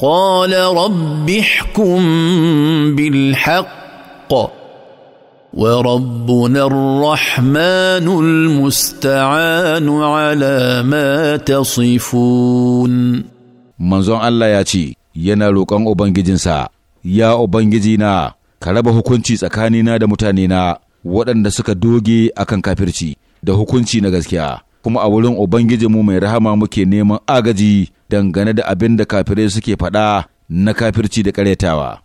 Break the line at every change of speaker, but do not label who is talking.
قال رب احكم بالحق وربنا الرحمن المستعان
على ما تصفون manzon Allah ya ce yana roƙon Ubangijinsa, Ya Ubangijina, ka raba hukunci tsakanina da mutanena waɗanda suka doge akan kafirci da hukunci na gaskiya. kuma a wurin Ubangijinmu mai rahama muke neman agaji dangane da abin da kafirai suke faɗa na kafirci da ƙaryatawa.